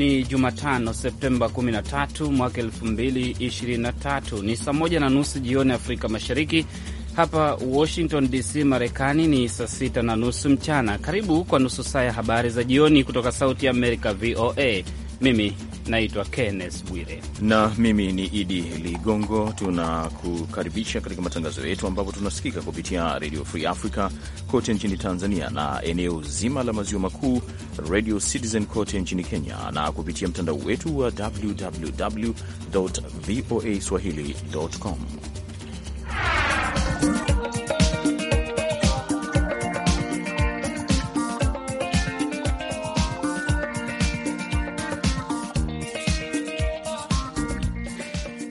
Ni Jumatano, Septemba 13 mwaka 2023. Ni saa moja na nusu jioni Afrika Mashariki. Hapa Washington DC, Marekani ni saa sita na nusu mchana. Karibu kwa nusu saa ya habari za jioni kutoka Sauti ya Amerika, VOA. Mimi naitwa Kennes Bwire na mimi ni Idi Ligongo. Tunakukaribisha katika matangazo yetu ambapo tunasikika kupitia Radio Free Africa kote nchini Tanzania na eneo zima la maziwa makuu, Radio Citizen kote nchini Kenya na kupitia mtandao wetu wa www voa swahili.com.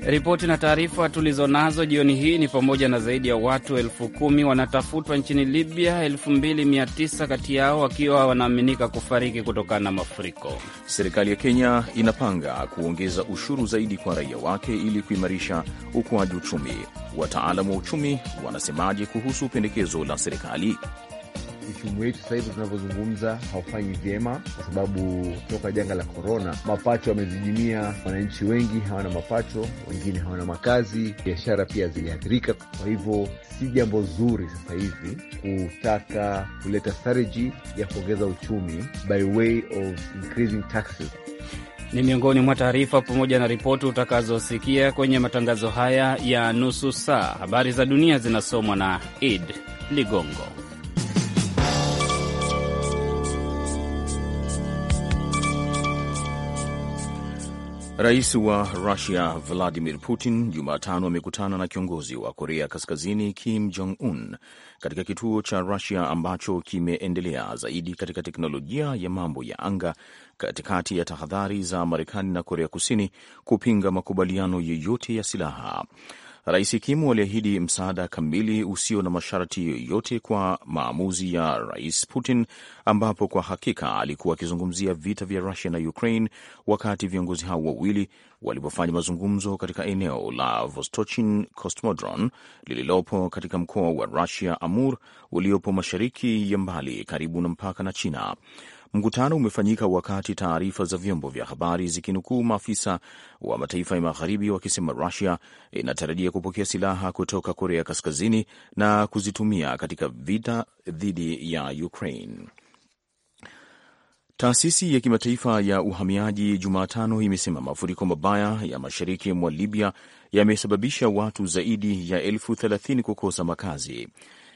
Ripoti na taarifa tulizonazo jioni hii ni pamoja na zaidi ya watu elfu kumi wanatafutwa nchini Libya, 29 kati yao wakiwa wanaaminika kufariki kutokana na mafuriko. Serikali ya Kenya inapanga kuongeza ushuru zaidi kwa raia wake ili kuimarisha ukuaji uchumi. Wataalamu wa uchumi wanasemaje kuhusu pendekezo la serikali? uchumi wetu sasa hivi tunavyozungumza haufanyi vyema, kwa sababu toka janga la korona mapato amezijimia wananchi wengi hawana mapato, wengine hawana makazi, biashara pia ziliathirika. Kwa hivyo si jambo zuri sasa hivi kutaka kuleta strategy ya kuongeza uchumi by way of increasing taxes ni miongoni mwa taarifa pamoja na ripoti utakazosikia kwenye matangazo haya ya nusu saa. Habari za dunia zinasomwa na Id Ligongo. Rais wa Rusia Vladimir Putin Jumatano amekutana na kiongozi wa Korea Kaskazini Kim Jong Un katika kituo cha Rusia ambacho kimeendelea zaidi katika teknolojia ya mambo ya anga katikati ya tahadhari za Marekani na Korea Kusini kupinga makubaliano yoyote ya silaha. Rais Kimu aliahidi msaada kamili usio na masharti yoyote kwa maamuzi ya Rais Putin, ambapo kwa hakika alikuwa akizungumzia vita vya Rusia na Ukraine wakati viongozi hao wawili walipofanya mazungumzo katika eneo la Vostochin kosmodron lililopo katika mkoa wa Rusia Amur uliopo mashariki ya mbali karibu na mpaka na China. Mkutano umefanyika wakati taarifa za vyombo vya habari zikinukuu maafisa wa mataifa ya magharibi wakisema Rusia inatarajia kupokea silaha kutoka Korea Kaskazini na kuzitumia katika vita dhidi ya Ukraine. Taasisi ya kimataifa ya uhamiaji Jumatano imesema mafuriko mabaya ya mashariki mwa Libya yamesababisha watu zaidi ya elfu thelathini kukosa makazi.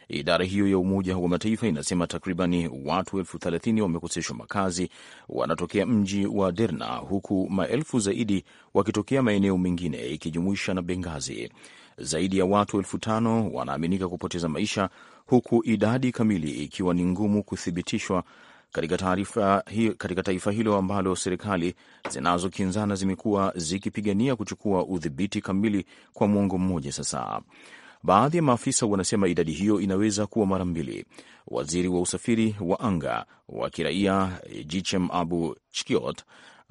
Idara hiyo ya Umoja wa Mataifa inasema takribani watu elfu thelathini wamekoseshwa makazi, wanatokea mji wa Derna, huku maelfu zaidi wakitokea maeneo mengine ikijumuisha na Bengazi. Zaidi ya watu elfu tano wanaaminika kupoteza maisha, huku idadi kamili ikiwa ni ngumu kuthibitishwa katika taarifa hiyo, katika taifa hilo ambalo serikali zinazokinzana zimekuwa zikipigania kuchukua udhibiti kamili kwa mwongo mmoja sasa. Baadhi ya maafisa wanasema idadi hiyo inaweza kuwa mara mbili. Waziri wa usafiri wa anga wa kiraia Jichem Abu Chkiot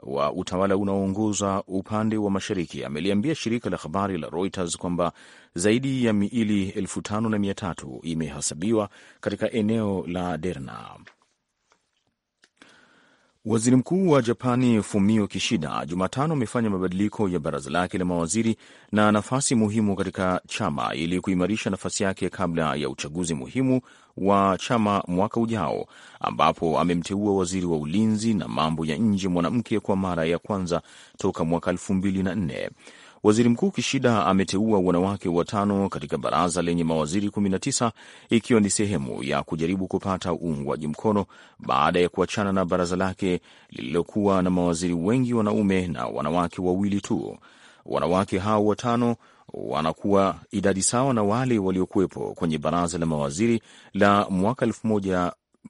wa utawala unaoongoza upande wa mashariki ameliambia shirika la habari la Reuters kwamba zaidi ya miili elfu tano na mia tatu imehesabiwa katika eneo la Derna. Waziri Mkuu wa Japani Fumio Kishida Jumatano amefanya mabadiliko ya baraza lake la mawaziri na nafasi muhimu katika chama ili kuimarisha nafasi yake kabla ya uchaguzi muhimu wa chama mwaka ujao, ambapo amemteua waziri wa ulinzi na mambo ya nje mwanamke kwa mara ya kwanza toka mwaka elfu mbili na nne. Waziri Mkuu Kishida ameteua wanawake watano katika baraza lenye mawaziri 19 ikiwa ni sehemu ya kujaribu kupata uungwaji mkono baada ya kuachana na baraza lake lililokuwa na mawaziri wengi wanaume na wanawake wawili tu. Wanawake hao watano wanakuwa idadi sawa na wale waliokuwepo kwenye baraza la mawaziri la mwaka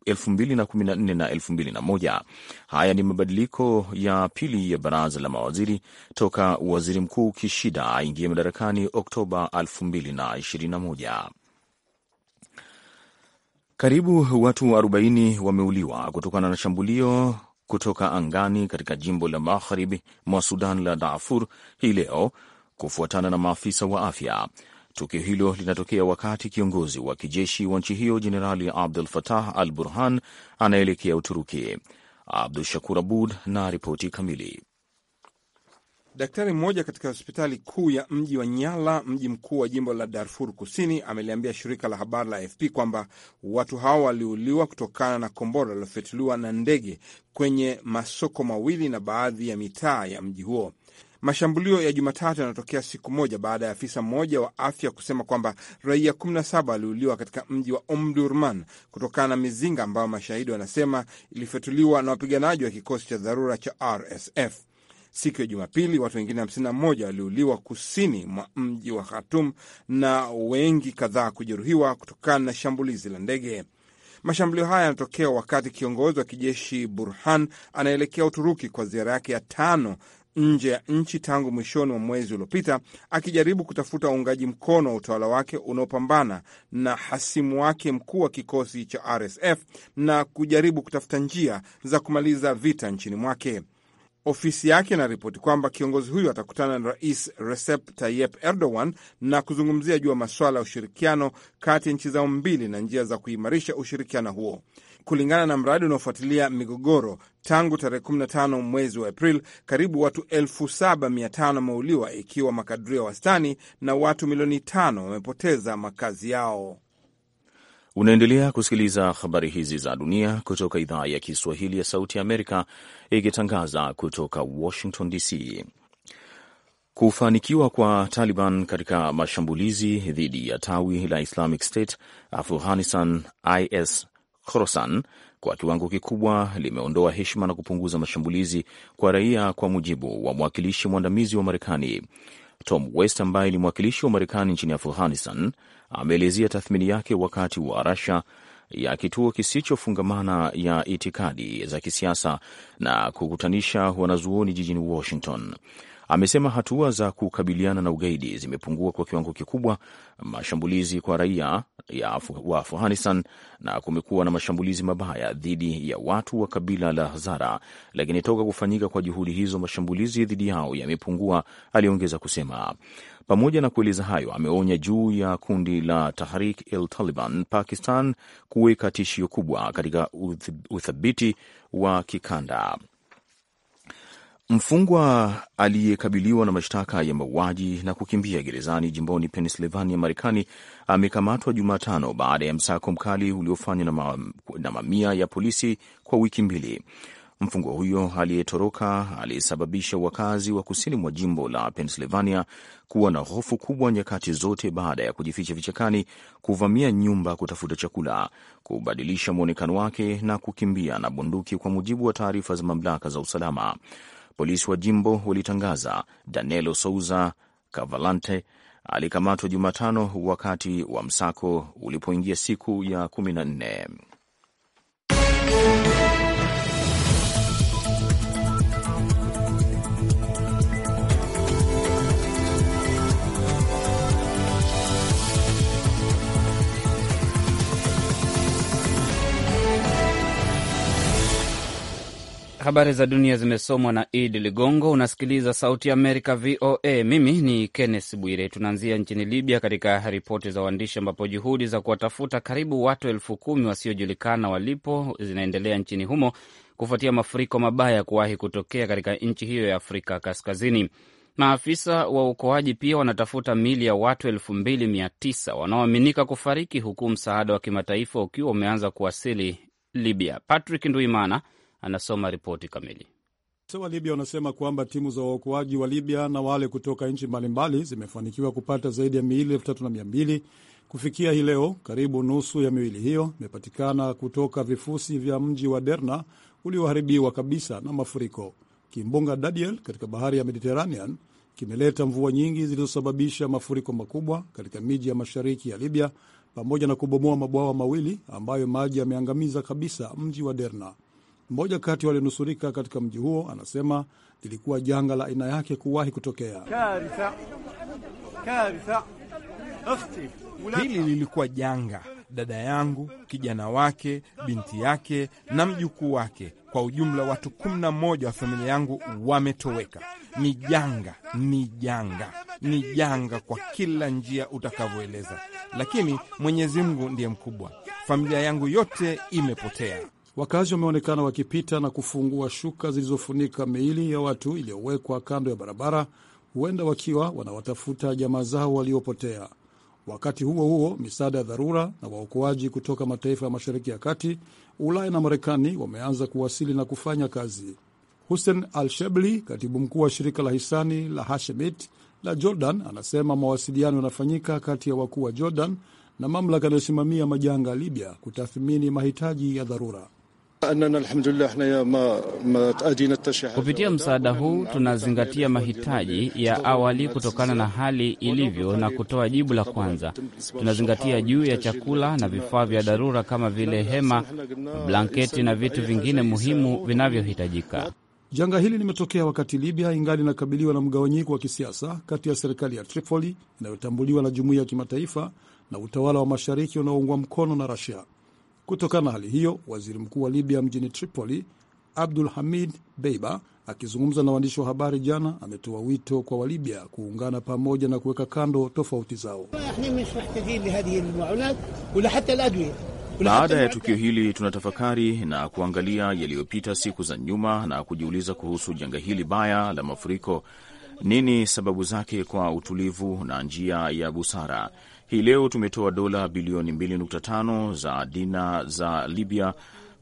2014 na 2001. Haya ni mabadiliko ya pili ya baraza la mawaziri toka waziri mkuu Kishida aingie madarakani Oktoba 2021. Karibu watu 40 wameuliwa kutokana na shambulio kutoka angani katika jimbo la magharibi mwa Sudan la Darfur hii leo kufuatana na maafisa wa afya. Tukio hilo linatokea wakati kiongozi wa kijeshi wa nchi hiyo Jenerali Abdul Fatah al Burhan anaelekea Uturuki. Abdu Shakur Abud na ripoti kamili. Daktari mmoja katika hospitali kuu ya mji wa Nyala, mji mkuu wa jimbo la Darfur Kusini, ameliambia shirika la habari la AFP kwamba watu hao waliuliwa kutokana na kombora lilofyatuliwa na ndege kwenye masoko mawili na baadhi ya mitaa ya mji huo. Mashambulio ya Jumatatu yanatokea siku moja baada ya afisa mmoja wa afya kusema kwamba raia 17 waliuliwa katika mji wa Omdurman kutokana na mizinga ambayo mashahidi wanasema ilifyatuliwa na wapiganaji wa kikosi cha dharura cha RSF. Siku ya Jumapili, watu wengine 51 waliuliwa kusini mwa mji wa khatum na wengi kadhaa kujeruhiwa kutokana na shambulizi la ndege. Mashambulio haya yanatokea wakati kiongozi wa kijeshi Burhan anaelekea Uturuki kwa ziara yake ya tano nje ya nchi tangu mwishoni mwa mwezi uliopita, akijaribu kutafuta uungaji mkono wa utawala wake unaopambana na hasimu wake mkuu wa kikosi cha RSF na kujaribu kutafuta njia za kumaliza vita nchini mwake. Ofisi yake inaripoti kwamba kiongozi huyo atakutana na Rais Recep Tayyip Erdogan na kuzungumzia juu ya masuala ya ushirikiano kati ya nchi zao mbili na njia za kuimarisha ushirikiano huo. Kulingana na mradi unaofuatilia migogoro, tangu tarehe 15 mwezi wa april karibu watu 75 meuliwa wameuliwa, ikiwa makadirio ya wastani, na watu milioni 5 wamepoteza makazi yao. Unaendelea kusikiliza habari hizi za dunia kutoka idhaa ya Kiswahili ya Sauti Amerika, ikitangaza kutoka Washington DC. Kufanikiwa kwa Taliban katika mashambulizi dhidi ya tawi la Islamic State Afghanistan, IS Khorasan kwa kiwango kikubwa limeondoa heshima na kupunguza mashambulizi kwa raia, kwa mujibu wa mwakilishi mwandamizi wa Marekani Tom West ambaye ni mwakilishi wa Marekani nchini Afghanistan ameelezea tathmini yake wakati wa Rasha ya kituo kisichofungamana ya itikadi za kisiasa na kukutanisha wanazuoni jijini Washington. Amesema hatua za kukabiliana na ugaidi zimepungua kwa kiwango kikubwa mashambulizi kwa raia ya Afu, wa Afghanistan na kumekuwa na mashambulizi mabaya dhidi ya watu wa kabila la Hazara, lakini toka kufanyika kwa juhudi hizo mashambulizi dhidi yao yamepungua, aliongeza kusema. Pamoja na kueleza hayo, ameonya juu ya kundi la Tahrik el Taliban Pakistan kuweka tishio kubwa katika uthabiti wa kikanda. Mfungwa aliyekabiliwa na mashtaka ya mauaji na kukimbia gerezani jimboni Pennsylvania, Marekani, amekamatwa Jumatano baada ya msako mkali uliofanywa na, ma na mamia ya polisi kwa wiki mbili. Mfungwa huyo aliyetoroka aliyesababisha wakazi wa kusini mwa jimbo la Pennsylvania kuwa na hofu kubwa nyakati zote, baada ya kujificha vichakani, kuvamia nyumba kutafuta chakula, kubadilisha mwonekano wake na kukimbia na bunduki, kwa mujibu wa taarifa za mamlaka za usalama. Polisi wa jimbo walitangaza danielo Souza Cavalante alikamatwa Jumatano wakati wa msako ulipoingia siku ya kumi na nne. Habari za dunia zimesomwa na Idi Ligongo. Unasikiliza Sauti ya Amerika, VOA. Mimi ni Kenneth Bwire. Tunaanzia nchini Libya katika ripoti za waandishi, ambapo juhudi za kuwatafuta karibu watu elfu kumi wasiojulikana walipo zinaendelea nchini humo kufuatia mafuriko mabaya ya kuwahi kutokea katika nchi hiyo ya Afrika Kaskazini. Maafisa wa uokoaji pia wanatafuta mili ya watu elfu mbili mia tisa wanaoaminika kufariki huku msaada wa kimataifa ukiwa umeanza kuwasili Libya. Patrick Nduimana anasoma ripoti kamili. Wa Libya wanasema kwamba timu za waokoaji wa Libya na wale kutoka nchi mbalimbali zimefanikiwa kupata zaidi ya miili elfu tatu na mia mbili kufikia hii leo. Karibu nusu ya miili hiyo imepatikana kutoka vifusi vya mji wa Derna ulioharibiwa kabisa na mafuriko. Kimbunga Daniel katika bahari ya mediteranean kimeleta mvua nyingi zilizosababisha mafuriko makubwa katika miji ya mashariki ya Libya pamoja na kubomoa mabwawa mawili ambayo maji yameangamiza kabisa mji wa Derna. Mmoja kati walionusurika katika mji huo anasema lilikuwa janga la aina yake kuwahi kutokea. Karisa. Karisa. Hili lilikuwa janga. Dada yangu, kijana wake, binti yake na mjukuu wake, kwa ujumla watu kumi na mmoja wa familia yangu wametoweka. Ni janga, ni janga, ni janga kwa kila njia utakavyoeleza, lakini Mwenyezi Mungu ndiye mkubwa. Familia yangu yote imepotea. Wakazi wameonekana wakipita na kufungua shuka zilizofunika miili ya watu iliyowekwa kando ya barabara, huenda wakiwa wanawatafuta jamaa zao waliopotea. Wakati huo huo, misaada ya dharura na waokoaji kutoka mataifa ya Mashariki ya Kati, Ulaya na Marekani wameanza kuwasili na kufanya kazi. Hussein Al-Shebli, katibu mkuu wa shirika la hisani la Hashemit la Jordan, anasema mawasiliano yanafanyika kati ya wakuu wa Jordan na mamlaka yanayosimamia majanga ya Libya kutathmini mahitaji ya dharura. Kupitia msaada huu tunazingatia mahitaji ya awali kutokana na hali ilivyo na kutoa jibu la kwanza. Tunazingatia juu ya chakula na vifaa vya dharura kama vile hema, blanketi na vitu vingine muhimu vinavyohitajika. Janga hili limetokea wakati Libya ingali inakabiliwa na mgawanyiko wa kisiasa kati ya serikali ya Tripoli inayotambuliwa na jumuiya ya kimataifa na utawala wa mashariki unaoungwa mkono na rasia Kutokana na hali hiyo, waziri mkuu wa Libya mjini Tripoli, Abdul Hamid Beiba, akizungumza na waandishi wa habari jana, ametoa wito kwa Walibya kuungana pamoja na kuweka kando tofauti zao. Baada ya tukio hili tunatafakari na kuangalia yaliyopita siku za nyuma na kujiuliza kuhusu janga hili baya la mafuriko. Nini sababu zake kwa utulivu na njia ya busara? Hii leo tumetoa dola bilioni 2.5 za dina za Libya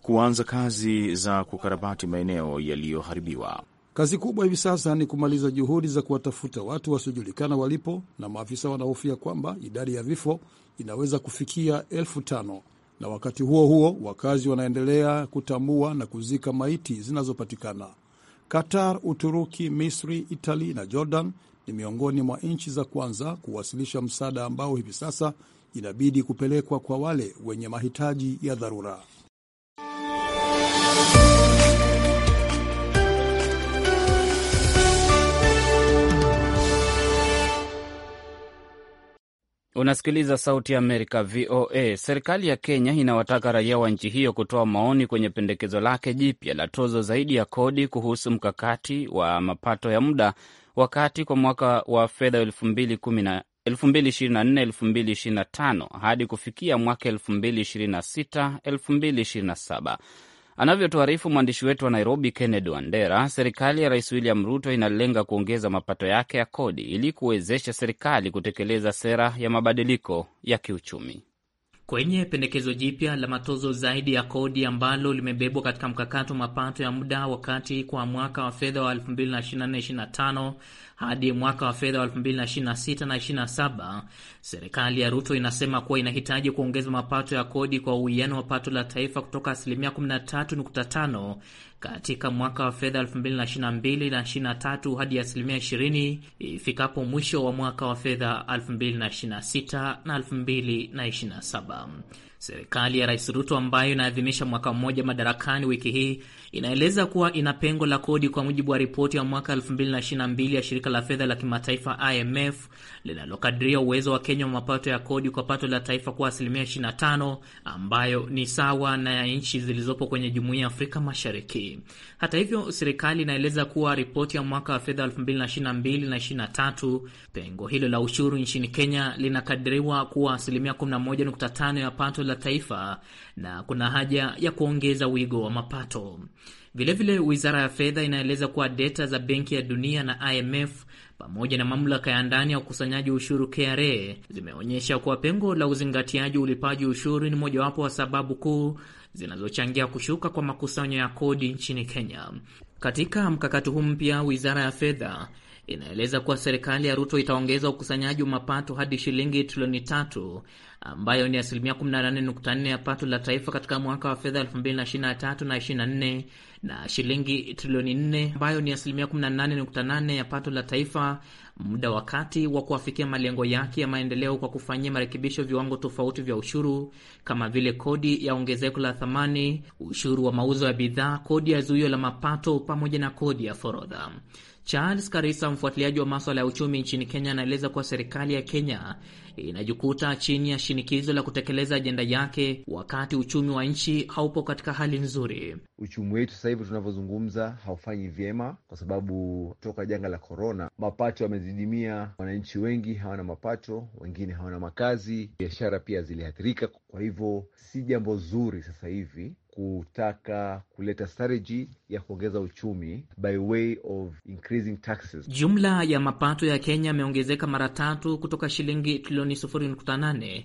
kuanza kazi za kukarabati maeneo yaliyoharibiwa. Kazi kubwa hivi sasa ni kumaliza juhudi za kuwatafuta watu wasiojulikana walipo, na maafisa wanahofia kwamba idadi ya vifo inaweza kufikia elfu tano na wakati huo huo wakazi wanaendelea kutambua na kuzika maiti zinazopatikana. Qatar, Uturuki, Misri, Itali na Jordan ni miongoni mwa nchi za kwanza kuwasilisha msaada ambao hivi sasa inabidi kupelekwa kwa wale wenye mahitaji ya dharura. Unasikiliza Sauti ya Amerika, VOA. Serikali ya Kenya inawataka raia wa nchi hiyo kutoa maoni kwenye pendekezo lake jipya la tozo zaidi ya kodi kuhusu mkakati wa mapato ya muda wakati kwa mwaka wa fedha 2425 2024-2025 hadi kufikia mwaka 2026-2027. Anavyotuarifu mwandishi wetu wa Nairobi, Kennedy Wandera, serikali ya Rais William Ruto inalenga kuongeza mapato yake ya kodi ili kuwezesha serikali kutekeleza sera ya mabadiliko ya kiuchumi. Kwenye pendekezo jipya la matozo zaidi ya kodi ambalo limebebwa katika mkakati wa mapato ya muda wakati kwa mwaka wa fedha wa 2024 hadi mwaka wa fedha wa 2026 na 27. Serikali ya Ruto inasema kuwa inahitaji kuongeza mapato ya kodi kwa uwiano wa pato la taifa kutoka asilimia 13.5 katika mwaka wa fedha 2022 na 23 hadi asilimia 20 ifikapo mwisho wa mwaka wa fedha 2026 na 2027. Serikali ya Rais Ruto ambayo inaadhimisha mwaka mmoja madarakani wiki hii inaeleza kuwa ina pengo la kodi, kwa mujibu wa ripoti ya mwaka 2022 ya shirika la fedha la kimataifa IMF linalokadiria uwezo wa Kenya wa mapato ya kodi kwa pato la taifa kuwa asilimia 25, ambayo ni sawa na ya nchi zilizopo kwenye jumuiya ya Afrika Mashariki. Hata hivyo, serikali inaeleza kuwa ripoti ya mwaka wa fedha 2022 na 23, pengo hilo la ushuru nchini Kenya linakadiriwa kuwa asilimia 11.5 ya pato la taifa na kuna haja ya kuongeza wigo wa mapato. Vilevile vile, wizara ya fedha inaeleza kuwa deta za Benki ya Dunia na IMF pamoja na mamlaka ya ndani ya ukusanyaji ushuru KRA zimeonyesha kuwa pengo la uzingatiaji ulipaji ushuru ni mojawapo wa sababu kuu zinazochangia kushuka kwa makusanyo ya kodi nchini Kenya. Katika mkakati huu mpya, wizara ya fedha inaeleza kuwa serikali ya Ruto itaongeza ukusanyaji wa mapato hadi shilingi trilioni tatu ambayo ni asilimia 18.4 ya pato la taifa katika mwaka wa fedha 2023 na 24 na shilingi trilioni 4 ambayo ni asilimia 18.8 ya pato la taifa muda wakati wa kuwafikia malengo yake ya maendeleo kwa kufanyia marekebisho viwango tofauti vya ushuru kama vile kodi ya ongezeko la thamani, ushuru wa mauzo ya bidhaa, kodi ya zuio la mapato pamoja na kodi ya forodha. Charles Karisa, mfuatiliaji wa maswala ya uchumi nchini Kenya, anaeleza kuwa serikali ya Kenya inajikuta chini ya shinikizo la kutekeleza ajenda yake wakati uchumi wa nchi haupo katika hali nzuri. Uchumi wetu sasa hivi tunavyozungumza haufanyi vyema, kwa sababu toka janga la korona mapato yamezidimia, wananchi wengi hawana mapato, wengine hawana makazi, biashara pia ziliathirika. Kwa hivyo si jambo zuri sasa hivi kutaka kuleta strategy ya kuongeza uchumi by way of increasing taxes. Jumla ya mapato ya Kenya yameongezeka mara tatu kutoka shilingi trilioni 0.8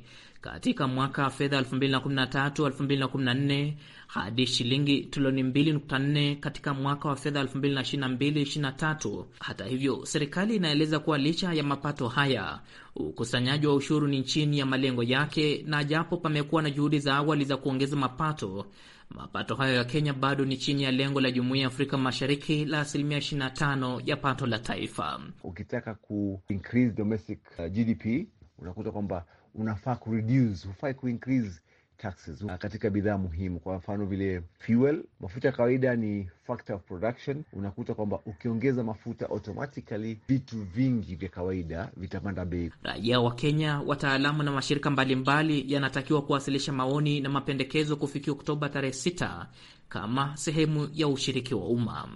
katika mwaka wa fedha 2013/2014 hadi shilingi trilioni 2.4 katika mwaka wa fedha 2022/2023. Hata hivyo, serikali inaeleza kuwa licha ya mapato haya, ukusanyaji wa ushuru ni chini ya malengo yake, na japo pamekuwa na juhudi za awali za kuongeza mapato, mapato hayo ya Kenya bado ni chini ya lengo la Jumuiya ya Afrika Mashariki la asilimia 25 ya pato la taifa. Ukitaka ku increase domestic uh, GDP unakuta kwamba unafaa kureduce, hufai kuincrease taxes katika bidhaa muhimu. Kwa mfano vile fuel, mafuta ya kawaida ni factor of production. Unakuta kwamba ukiongeza mafuta automatically vitu vingi vya kawaida vitapanda bei. Raia wa Kenya, wataalamu na mashirika mbalimbali yanatakiwa kuwasilisha maoni na mapendekezo kufikia Oktoba tarehe 6 kama sehemu ya ushiriki wa umma.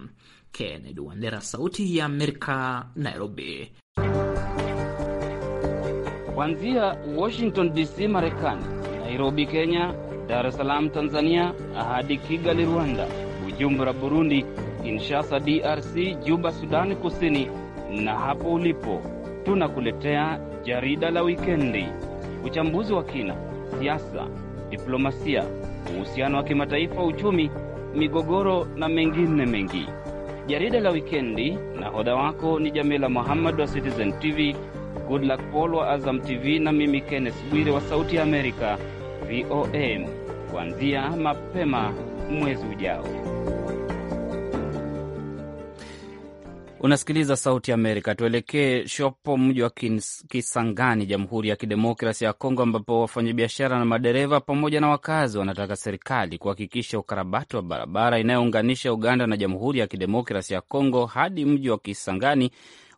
Kennedy Wandera, Sauti ya Amerika, Nairobi kuanzia Washington DC, Marekani, Nairobi, Kenya, Dar es Salaam, Tanzania, hadi Kigali, Rwanda, Bujumbura, Burundi, Kinshasa, DRC, Juba, Sudani Kusini, na hapo ulipo tunakuletea jarida la wikendi, uchambuzi wa kina, siasa, diplomasia, uhusiano wa kimataifa, uchumi, migogoro na mengine mengi. Jarida la wikendi, nahodha wako ni Jamila Muhammad wa Citizen TV Goodluck Paul wa Azam TV na mimi Kenneth Bwire wa Sauti ya Amerika VOA, kuanzia mapema mwezi ujao. Unasikiliza Sauti Amerika. Tuelekee shopo mji wa Kisangani, Jamhuri ya Kidemokrasi ya Kongo, ambapo wafanyabiashara na madereva pamoja na wakazi wanataka serikali kuhakikisha ukarabati wa barabara inayounganisha Uganda na Jamhuri ya Kidemokrasi ya Kongo hadi mji wa Kisangani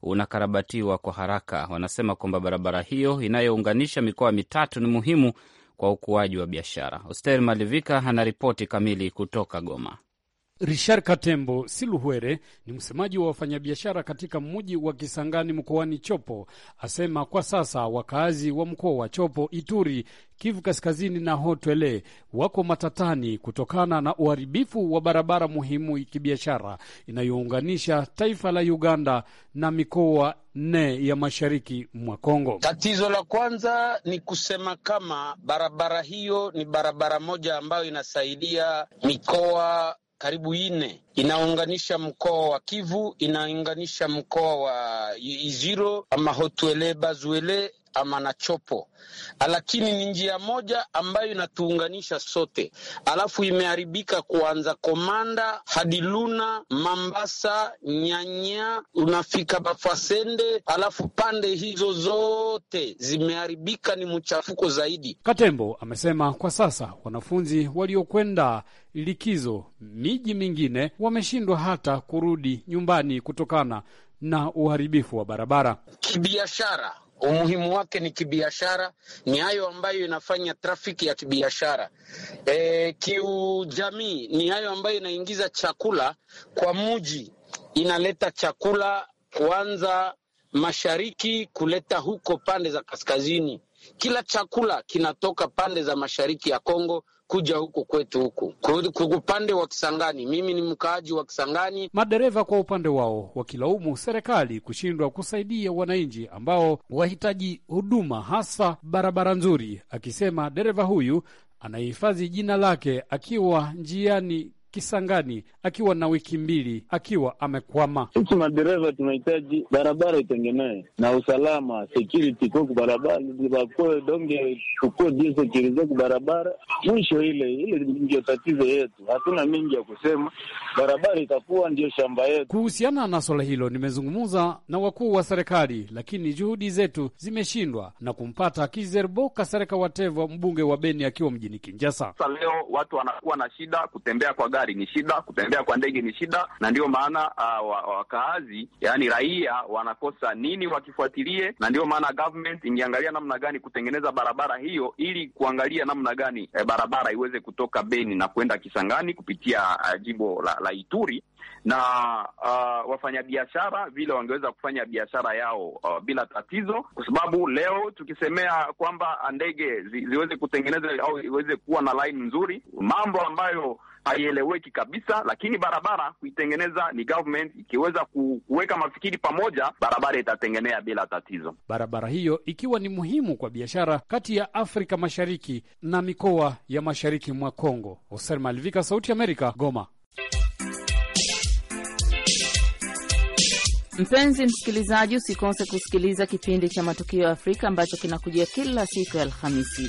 unakarabatiwa kwa haraka. Wanasema kwamba barabara hiyo inayounganisha mikoa mitatu ni muhimu kwa ukuaji wa biashara. Hoster Malivika anaripoti kamili kutoka Goma. Richard Katembo Siluhwere ni msemaji wa wafanyabiashara katika mji wa Kisangani mkoani Chopo, asema kwa sasa wakazi wa mkoa wa Chopo, Ituri, Kivu Kaskazini na Hotwele wako matatani kutokana na uharibifu wa barabara muhimu kibiashara inayounganisha taifa la Uganda na mikoa nne ya mashariki mwa Kongo. Tatizo la kwanza ni kusema kama barabara hiyo ni barabara moja ambayo inasaidia mikoa karibu nne inaunganisha mkoa wa Kivu, inaunganisha mkoa wa Iziro ama Hotuele Bazuele ama na chopo, lakini ni njia moja ambayo inatuunganisha sote, alafu imeharibika kuanza Komanda hadi Luna, Mambasa, Nyanya, unafika Bafasende, alafu pande hizo zote zimeharibika, ni mchafuko zaidi. Katembo amesema kwa sasa wanafunzi waliokwenda likizo miji mingine wameshindwa hata kurudi nyumbani kutokana na uharibifu wa barabara. Kibiashara umuhimu wake ni kibiashara, ni hayo ambayo inafanya trafiki ya kibiashara. E, kiujamii ni hayo ambayo inaingiza chakula kwa muji, inaleta chakula kuanza mashariki kuleta huko pande za kaskazini. Kila chakula kinatoka pande za mashariki ya Kongo kuja huku kwetu huku upande wa Kisangani. Mimi ni mkaaji wa Kisangani. Madereva kwa upande wao wakilaumu serikali kushindwa kusaidia wananchi ambao wahitaji huduma, hasa barabara nzuri, akisema dereva huyu anahifadhi jina lake akiwa njiani Kisangani akiwa na wiki mbili akiwa amekwama. Sisi madereva tunahitaji barabara itengenee na usalama security koku barabara bakwe donge tukue diesekirizeku barabara mwisho, ile ile ndio tatizo yetu, hatuna mingi ya kusema, barabara itakuwa ndiyo shamba yetu. Kuhusiana na swala hilo nimezungumza na wakuu wa serikali, lakini juhudi zetu zimeshindwa na kumpata Kizerbo Kasereka Wateva, mbunge wa Beni akiwa mjini Kinjasa. Leo watu wanakuwa na shida kutembea kwa gari gari ni shida, kutembea kwa ndege ni shida, na ndiyo maana uh, wakaazi yani raia wanakosa nini wakifuatilie, na ndiyo maana government ingeangalia namna gani kutengeneza barabara hiyo ili kuangalia namna gani eh, barabara iweze kutoka Beni na kwenda Kisangani kupitia uh, jimbo la, la Ituri na uh, wafanyabiashara vile wangeweza kufanya biashara yao uh, bila tatizo, kwa sababu leo tukisemea kwamba ndege zi, ziweze kutengeneza au iweze kuwa na line nzuri, mambo ambayo haieleweki kabisa, lakini barabara kuitengeneza ni government. Ikiweza kuweka mafikiri pamoja, barabara itatengenea bila tatizo. Barabara hiyo ikiwa ni muhimu kwa biashara kati ya Afrika Mashariki na mikoa ya mashariki mwa Kongo. Hoser Malivika, Sauti Amerika, Goma. Mpenzi msikilizaji, usikose kusikiliza kipindi cha Matukio ya Afrika ambacho kinakujia kila siku ya Alhamisi.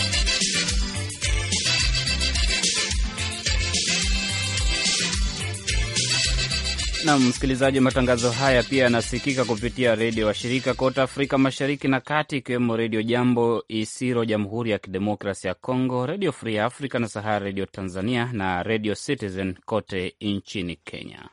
Na msikilizaji, matangazo haya pia yanasikika kupitia redio wa shirika kote Afrika Mashariki na Kati, ikiwemo Redio Jambo Isiro, Jamhuri ya Kidemokrasi ya congo Redio Free Africa na Sahara Redio Tanzania na Redio Citizen kote nchini Kenya.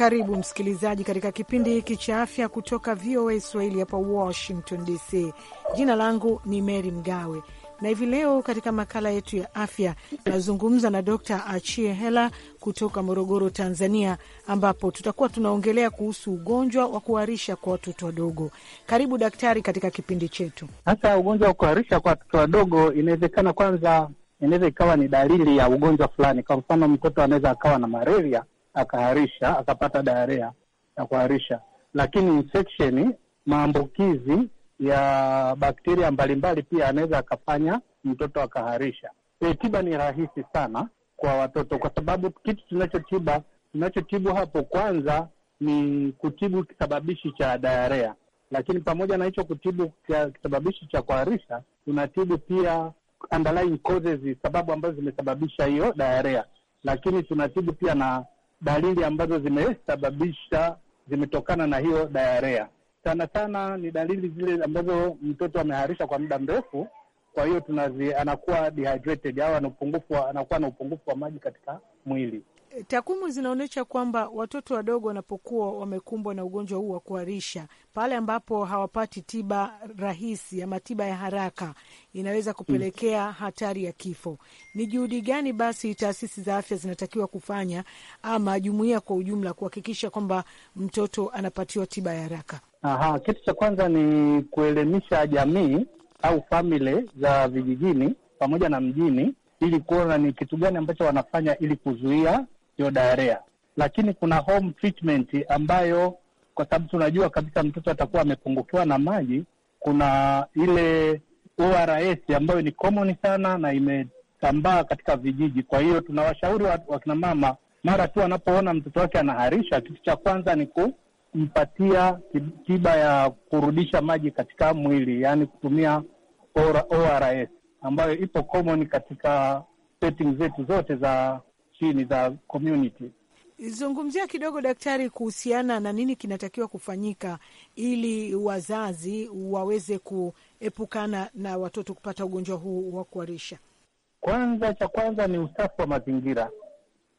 Karibu msikilizaji katika kipindi hiki cha afya kutoka VOA Swahili hapa Washington DC. Jina langu ni Mary Mgawe na hivi leo katika makala yetu ya afya tunazungumza na Dr Achie Hela kutoka Morogoro, Tanzania, ambapo tutakuwa tunaongelea kuhusu ugonjwa wa kuharisha kwa watoto wadogo. Karibu daktari katika kipindi chetu. hasa ugonjwa wa kuharisha kwa watoto wadogo, inawezekana kwanza, inaweza ikawa ni dalili ya ugonjwa fulani. Kwa mfano, mtoto anaweza akawa na malaria akaharisha, akapata daarea na kuharisha. Lakini infection, maambukizi ya bakteria mbalimbali pia anaweza akafanya mtoto akaharisha. E, tiba ni rahisi sana kwa watoto kwa sababu kitu tunachotiba tunachotibu hapo kwanza ni kutibu kisababishi cha diarrhea, lakini pamoja na hicho kutibu kisababishi cha kuharisha, tunatibu pia underlying causes, sababu ambazo zimesababisha hiyo diarrhea, lakini tunatibu pia na dalili ambazo zimesababisha zimetokana na hiyo dayarea. Sana sana ni dalili zile ambazo mtoto ameharisha kwa muda mrefu, kwa hiyo tunazi, anakuwa dehydrated au anakuwa na upungufu wa maji katika mwili. Takwimu zinaonyesha kwamba watoto wadogo wanapokuwa wamekumbwa na ugonjwa huu wa kuharisha, pale ambapo hawapati tiba rahisi ama tiba ya haraka, inaweza kupelekea hatari ya kifo. Ni juhudi gani basi taasisi za afya zinatakiwa kufanya ama jumuia kwa ujumla kuhakikisha kwamba mtoto anapatiwa tiba ya haraka? Aha, kitu cha kwanza ni kuelimisha jamii au famili za vijijini pamoja na mjini ili kuona ni kitu gani ambacho wanafanya ili kuzuia hiyo diarrhea. Lakini kuna home treatment ambayo, kwa sababu tunajua kabisa mtoto atakuwa amepungukiwa na maji, kuna ile ORS ambayo ni common sana na imetambaa katika vijiji. Kwa hiyo tunawashauri wakinamama, mara tu anapoona mtoto wake anaharisha, kitu cha kwanza ni kumpatia tiba ya kurudisha maji katika mwili, yaani kutumia ORS ambayo ipo common katika setting zetu zote za chini za community. Zungumzia kidogo daktari, kuhusiana na nini kinatakiwa kufanyika ili wazazi waweze kuepukana na watoto kupata ugonjwa huu wa kuharisha. Kwanza, cha kwanza ni usafi wa mazingira,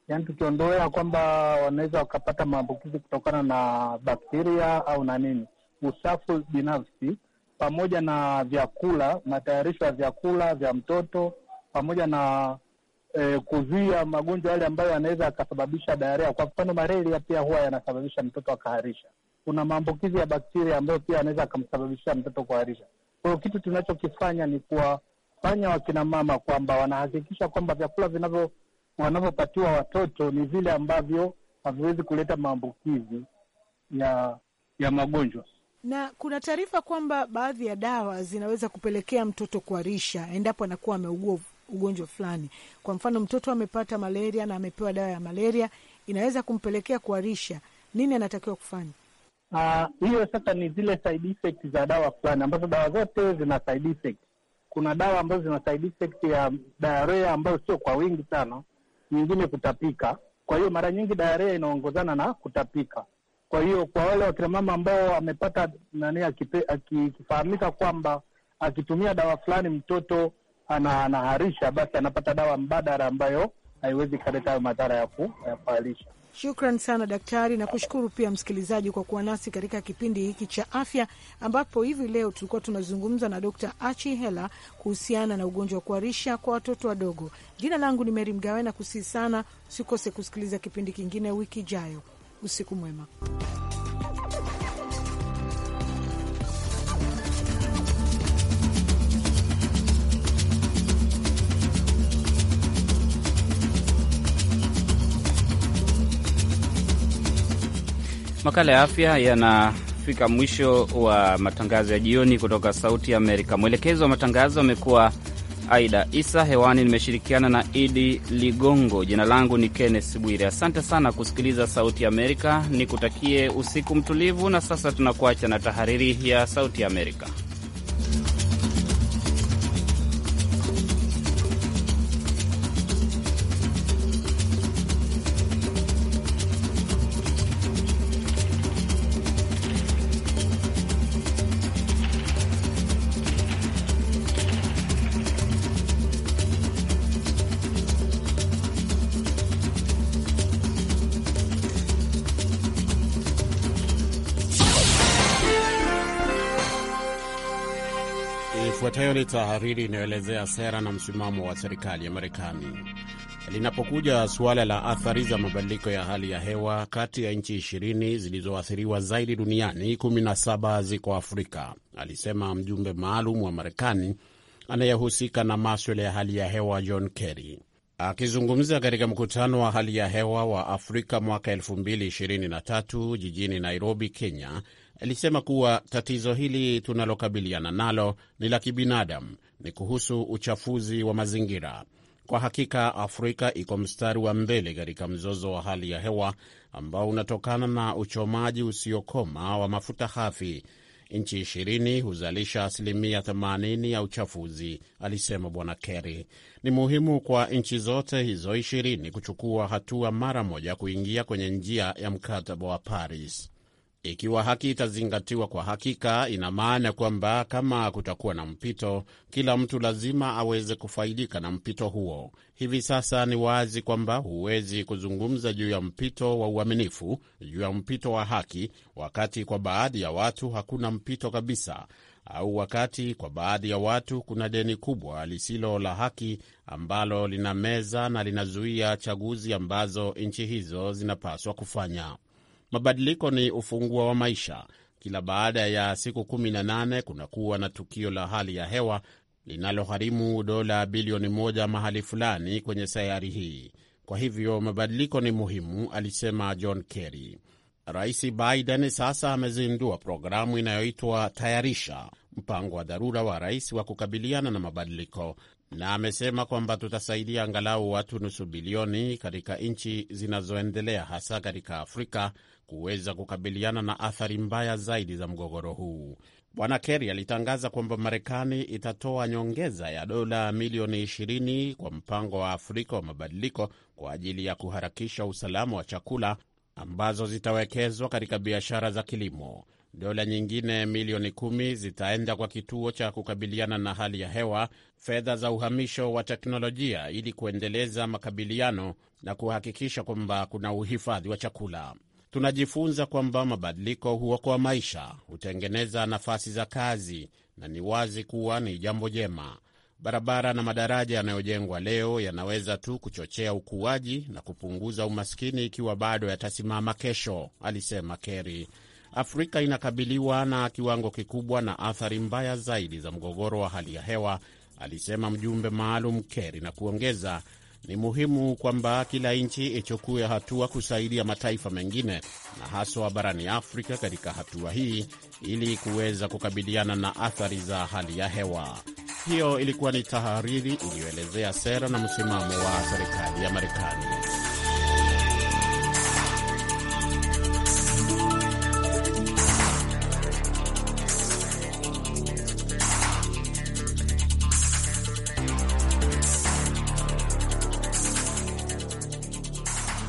yaani tukiondolea kwamba wanaweza wakapata maambukizi kutokana na bakteria au na nini, usafi binafsi pamoja na vyakula, matayarisho ya vyakula vya mtoto pamoja na eh, kuzuia magonjwa yale ambayo yanaweza yakasababisha diarrhea. Kwa mfano malaria pia huwa yanasababisha mtoto akaharisha. Kuna maambukizi ya bakteria ambayo pia yanaweza akamsababishia mtoto kuharisha. Kwa hiyo kitu tunachokifanya ni kuwafanya wakinamama kwamba wanahakikisha kwamba vyakula vinavyo wanavyopatiwa watoto ni vile ambavyo haviwezi kuleta maambukizi ya ya magonjwa. Na kuna taarifa kwamba baadhi ya dawa zinaweza kupelekea mtoto kuharisha endapo anakuwa ameugua ugonjwa fulani. Kwa mfano, mtoto amepata malaria na amepewa dawa ya malaria, inaweza kumpelekea kuharisha. Nini anatakiwa kufanya? Ah, hiyo uh, sasa ni zile side effect za dawa fulani, ambazo dawa zote zina side effect. Kuna dawa ambazo zina side effect ya diarrhea ambayo sio kwa wingi sana, nyingine kutapika. Kwa hiyo mara nyingi diarrhea inaongozana na kutapika. Kwa hiyo kwa wale wakinamama ambao amepata nani, akifahamika kwamba akitumia dawa fulani mtoto anaharisha, basi anapata dawa mbadala ambayo haiwezi ikaleta hayo madhara ya kuharisha. Shukran sana daktari, na kushukuru pia msikilizaji kwa kuwa nasi katika kipindi hiki cha afya, ambapo hivi leo tulikuwa tunazungumza na Dr Achi Hela kuhusiana na ugonjwa wa kuharisha kwa watoto wadogo. Jina langu ni Meri Mgawe na kusihi sana usikose kusikiliza kipindi kingine wiki ijayo. Usiku mwema. Makala ya afya yanafika mwisho wa matangazo ya jioni kutoka Sauti ya Amerika. Mwelekezo wa matangazo amekuwa Aida Isa. Hewani nimeshirikiana na Idi Ligongo. Jina langu ni Kenneth Bwire. Asante sana kusikiliza Sauti ya Amerika, nikutakie usiku mtulivu. Na sasa tunakuacha na tahariri ya Sauti ya Amerika. Ifuatayo ni tahariri inayoelezea sera na msimamo wa serikali ya Marekani. Linapokuja suala la athari za mabadiliko ya hali ya hewa, kati ya nchi ishirini zilizoathiriwa zaidi duniani, 17 ziko Afrika, alisema mjumbe maalum wa Marekani anayehusika na maswala ya hali ya hewa John Kerry akizungumza katika mkutano wa hali ya hewa wa Afrika mwaka 2023 jijini Nairobi, Kenya alisema kuwa tatizo hili tunalokabiliana nalo ni la kibinadamu, ni kuhusu uchafuzi wa mazingira. Kwa hakika Afrika iko mstari wa mbele katika mzozo wa hali ya hewa ambao unatokana na uchomaji usiokoma wa mafuta hafi. Nchi ishirini huzalisha asilimia 80 ya uchafuzi, alisema Bwana Kerry. Ni muhimu kwa nchi zote hizo ishirini kuchukua hatua mara moja kuingia kwenye njia ya mkataba wa Paris. Ikiwa haki itazingatiwa kwa hakika, ina maana kwamba kama kutakuwa na mpito, kila mtu lazima aweze kufaidika na mpito huo. Hivi sasa ni wazi kwamba huwezi kuzungumza juu ya mpito wa uaminifu, juu ya mpito wa haki, wakati kwa baadhi ya watu hakuna mpito kabisa, au wakati kwa baadhi ya watu kuna deni kubwa lisilo la haki ambalo linameza na linazuia chaguzi ambazo nchi hizo zinapaswa kufanya. Mabadiliko ni ufunguo wa maisha. Kila baada ya siku 18 kunakuwa na tukio la hali ya hewa linalogharimu dola bilioni moja mahali fulani kwenye sayari hii. Kwa hivyo mabadiliko ni muhimu, alisema John Kerry. Rais Biden sasa amezindua programu inayoitwa Tayarisha, mpango wa dharura wa rais wa kukabiliana na mabadiliko na amesema kwamba tutasaidia angalau watu nusu bilioni katika nchi zinazoendelea hasa katika Afrika kuweza kukabiliana na athari mbaya zaidi za mgogoro huu. Bwana Kerry alitangaza kwamba Marekani itatoa nyongeza ya dola milioni 20 kwa mpango wa Afrika wa mabadiliko kwa ajili ya kuharakisha usalama wa chakula ambazo zitawekezwa katika biashara za kilimo. Dola nyingine milioni kumi zitaenda kwa kituo cha kukabiliana na hali ya hewa, fedha za uhamisho wa teknolojia ili kuendeleza makabiliano na kuhakikisha kwamba kuna uhifadhi wa chakula. Tunajifunza kwamba mabadiliko huokoa maisha, hutengeneza nafasi za kazi na ni wazi kuwa ni jambo jema. Barabara na madaraja yanayojengwa leo yanaweza tu kuchochea ukuaji na kupunguza umaskini ikiwa bado yatasimama kesho, alisema Kerry. Afrika inakabiliwa na kiwango kikubwa na athari mbaya zaidi za mgogoro wa hali ya hewa, alisema mjumbe maalum Kerry na kuongeza, ni muhimu kwamba kila nchi ichukue hatua kusaidia mataifa mengine na haswa barani Afrika katika hatua hii ili kuweza kukabiliana na athari za hali ya hewa. Hiyo ilikuwa ni tahariri iliyoelezea sera na msimamo wa serikali ya Marekani.